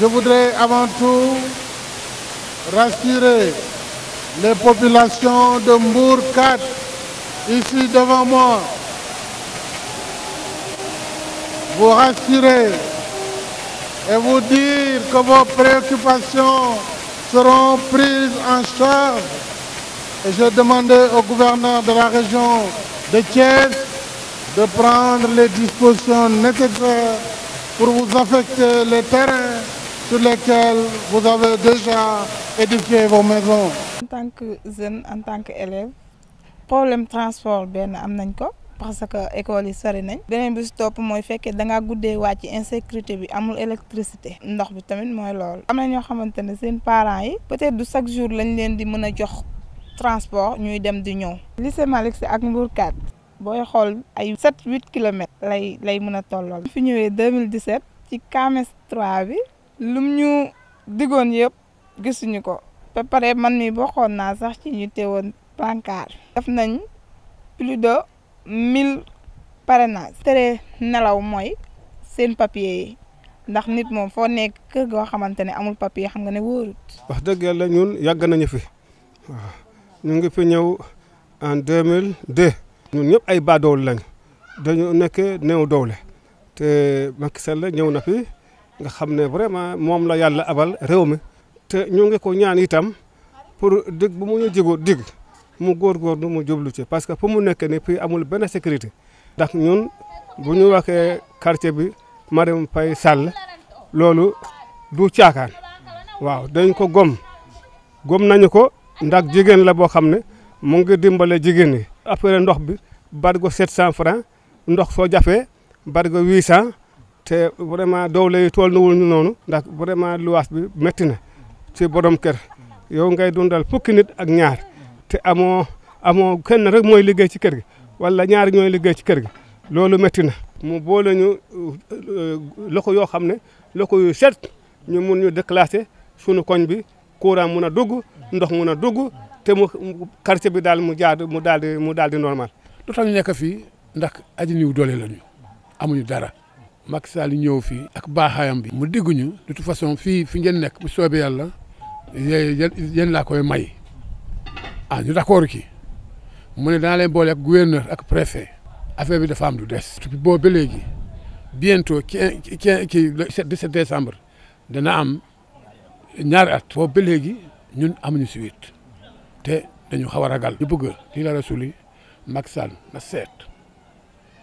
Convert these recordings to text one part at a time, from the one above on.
Je voudrais avant tout rassurer les populations de Mbour ici devant moi. Vous rassurer et vous dire que vos préoccupations seront prises en charge. Et j'ai demandé au gouverneur de la région de Thiès de prendre les dispositions nécessaires pour vous affecter les terrains sur lesquels vous avez déjà édifié vos maisons. en tant que jeune en tant que élève problème transport benn am nañ ko parce que école yi sori nañ. beneen bi si topp mooy fekkee da ngaa guddee wàcc insécurité bi amul électricité. ndox bi tamit mooy lool am na ñoo xamante ne seen parents yi. peut-être du chaque jour lañ leen di mën a jox transport ñuy dem di ñëw. lycée Malick Sy ak Mbourkat booy xool ay. 7 8 kilomètres lay lay mën a tollool. fi ñëwee 2017 ci KMS 3 bi. lum ñu diggoon yëpp gisuñu ko ba pare man mi bokkoon naa sax ci ñu teewoon pancarte def nañ plus de mille na tere nelaw mooy seen papier yi ndax nit moom foo nekk kër goo xamante ne amul papier xam nga ne wóorut. wax dëgg yàlla ñun yàgg nañu fi waaw ñu ngi fi ñëw en deux mille deux. ñun ñëpp ay baadool lañ dañu nekk new doole te Macky Sall ñëw na fi. nga xam ne vraiment moom la yàlla abal réew mi te ñu ngi ko ñaan itam pour dig bu mu ñu jigu dig mu góorgóorlu mu jublu ci parce que fu mu nekk ni fii amul benn securité ndax ñun bu ñu waxee quartier bi Marième Faye Sall loolu du caakaan waaw dañ ko gom gom nañu ko ndax jigéen la boo xam ne mu ngi dimbale jigéen yi après ndox bi barigo 700 francs ndox soo jafee barigo 800 te vraiment doole yi tool na wul ñu noonu ndax vraiment luwaas bi métti na ci borom kër yow ngay dundal fukki nit ak ñaar te amoo amoo kenn rek mooy liggéey ci kër gi wala ñaar liggéey ci kër gi loolu métti mu boole ñu euh, loko yoo xam ne loko yu set ñu mun ñu déclassé sunu koñ bi courant mun a dugg ndox mun a dugg te mu quartier bi daal mu jaadu mu daal di mu daal di normal. lu tax ñu nekk fii ndax aji niw doole la ñu amuñu dara. Macky Sall ñëw fii ak baaxaayam bi mu digguñu de toute façon fii fi ngeen nekk bu soobee yàlla yéen laa koy may ah ñu d'accord ki mu ne dana leen boole ak gouverneur ak préfet affaire bi dafa am du des depuis boobu ba léegi bientôt quinze quinze kii le 17 décembre dana am ñaar at boobu ba léegi ñun amuñu suite te dañu xaw a ragal ñu bëgg lii la rasuli Macky na seet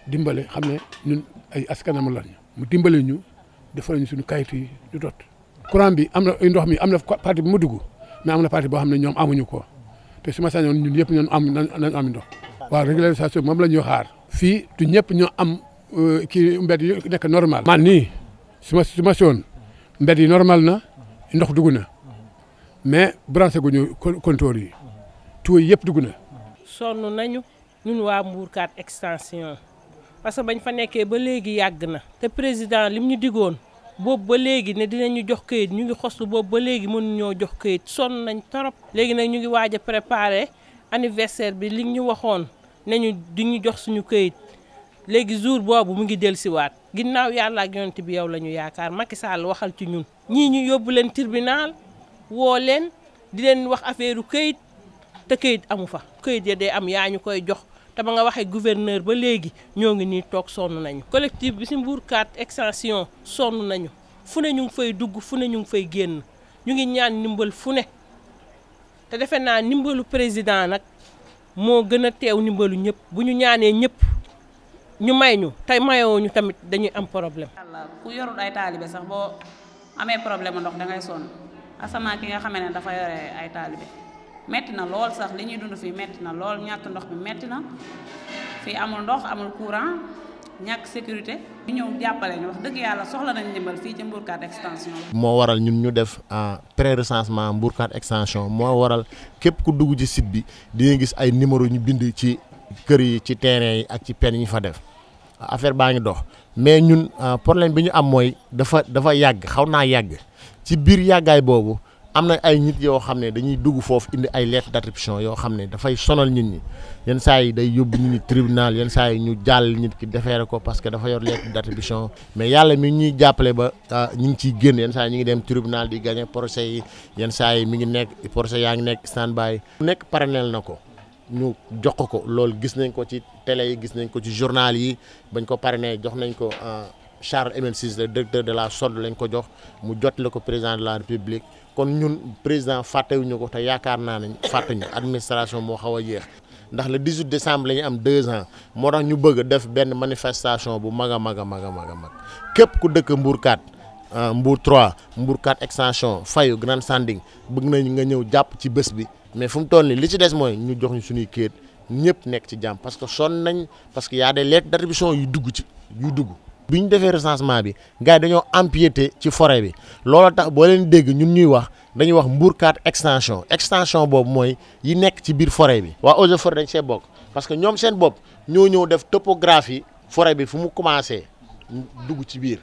dimbale xam ne ñun ay askanam lañ mu dimbale ñu defal ñu suñu kayitu yi ñu dot courant bi am na ndox mi am na parti bu ma dugg mais am na parti boo xam ne ñoom amuñu ko te su ma sañoon ñun yëpp ñoo am nañ am ndox. waaw régularisation moom la ñuy xaar. fii du ñëpp ñoo am euh, kii mbedd nekk normal. man ni su ma su ma soon mbedd yi normal na ndox dugg na mais branché gu ñu comptoir yi tuyaux yëpp dugg na. sonn nañu ñun waa Mbour 4 extension. parce que bañ fa nekkee ba léegi yàgg na te président lim ñu digoon boobu ba léegi ne ñu jox këyit ñu ngi xoslu boobu ba léegi mënuñoo jox këyit sonn nañ torop léegi nag ñu ngi waaj a préparer anniversaire bi li ñu waxoon ne ñu di jox suñu këyit léegi jour boobu mu ngi siwaat ginnaaw yàlla ak yonent bi yow la ñu yaakaar Macky Sall waxal ci ñun. ñii ñu yóbbu leen tribunal woo leen di leen wax affaire këyit te këyit amu fa këyit ya dee am yaa ñu koy jox. te ba nga waxee gouverneur ba léegi ñoo ngi nii toog sonn nañu. collectif bi si Mbour 4 extension sonn nañu fu ne ñu ngi fay dugg fu ne ñu ngi fay génn ñu ngi ñaan ndimbal fu ne te defe naa ndimbalu président nag moo gën a teew ndimbalu ñëpp bu ñu ñaanee ñëpp ñu may ñu tey mayoo ñu tamit dañuy am problème. Allah ku yorul ay taalibe sax boo amee problème ndox da ngay sonn asamaa ki nga xam ne dafa yore ay taalibe. metti na lool sax li ñuy dund fii metti na lool ñàkk ndox bi metti na fii amul ndox amul courant ñàkk sécurité. ñu ñëw jàppale ñu wax dëgg yàlla soxla nañ ndimbal fii ci Mbourkat extension. moo waral ñun ñu def pré recensement Mbourkat extension moo waral képp ku dugg ci sit bi di nga gis ay numéro ñu bind ci kër yi ci terrain yi ak ci pen yi ñu fa def affaire baa ngi dox mais ñun euh, problème bi ñu am mooy dafa dafa yàgg xaw naa yàgg ci biir yàggaay boobu. am na ay nit yoo xam ne dañuy dugg foofu indi ay lettre d'attribution yoo xam ne dafay sonal nit ñi yenn saa yi day yóbbu nit ñi tribunal yenn saa yi ñu jàll nit ki defeere ko parce que dafa yor lettre d'attribution mais yàlla mi ñuy jàppale ba ah, ñu ngi ciy génn yenn saa yi ñu ngi dem tribunal di gagné procès yi yenn saa yi mi ngi nekk procès yaa ngi nekk stand-by nekk parallèle na ko ñu jox ko loolu gis nañ ko ci télé yi gis nañ ko ci journal yi bañ ko parrainé jox nañ ko ah, Charles Emile Cissé directeur de la SODD lañ ko jox mu jot la ko président de la république kon ñun président fàttewuñu ko te yaakaar naa ne ñu administration moo xaw a yéex. ndax le 18 décembre lañu ñu am deux ans moo tax ñu bëgg def benn manifestation bu mag a mag a mag a mag a mag képp ku dëkk Mbour 4 ah, Mbour 3 Mbour 4 extension fayu Grand Sanding bëgg nañ nga ñëw jàpp ci bés bi mais fu mu toll nii li ci des mooy ñu jox ñu suñuy kayit ñëpp nekk ci jàmm parce que sonn nañ parce que y a des lettres yu dugg ci yu dugg. bi ñu defee recensement bi gars dañoo empiété ci fore bi looloo tax boo leen dégg ñun ñuy wax dañuy wax Mbour 4 extension extension boobu mooy yi nekk ci biir fore bi. waa eaux et forêt dañ see bokk parce que ñoom seen bopp ñoo ñëw def topographie fore bi fu mu commencé dugg ci biir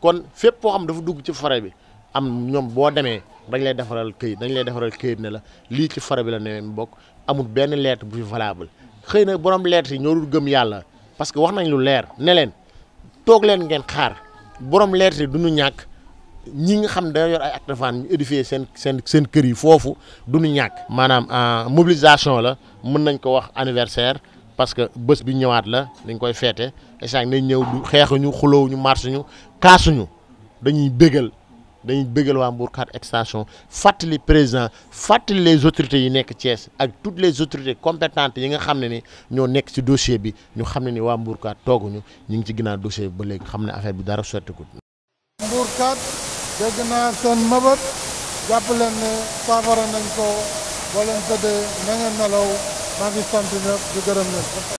kon fépp foo xam dafa dugg ci fore bi am ñoom boo demee dañ lay defaral këyit dañ lay defaral këyit ne la lii ci forêt bi la neween bokk amul benn lettre bu fi valable xëy na borom lettre yi ñoo gëm yàlla parce que wax nañ lu leer ne leen. toog leen ngeen xaar borom leerte du ñu ñàkk ñi nga xam da yor ay acte fan ñu édifier seen seen seen kër yi foofu du ñu ñàkk. maanaam euh, mobilisation la mun nañ ko wax anniversaire parce que bés bi ñëwaat la dañ koy feete échange nañ ñëw du xeexuñu xulóowuñu marsuñu kaasuñu dañuy bégal. dañuy bëggal waa Mbourkat extension fàttali président fàttali les autorités yi nekk Thiès ak toutes les autorités compétentes yi nga xam ne ni ñoo nekk ci dossier bi ñu xam ne ni waa Mbourkat tooguñu ñu ngi ci ginnaaw dossier ba léegi xam ne affaire bi dara sottiku. Mbourkat dégg naa seen mëbët jàpp leen ne saafara nañ ko boo leen tëddee na nelaw maa ngi sant ñëpp di gërëm leen.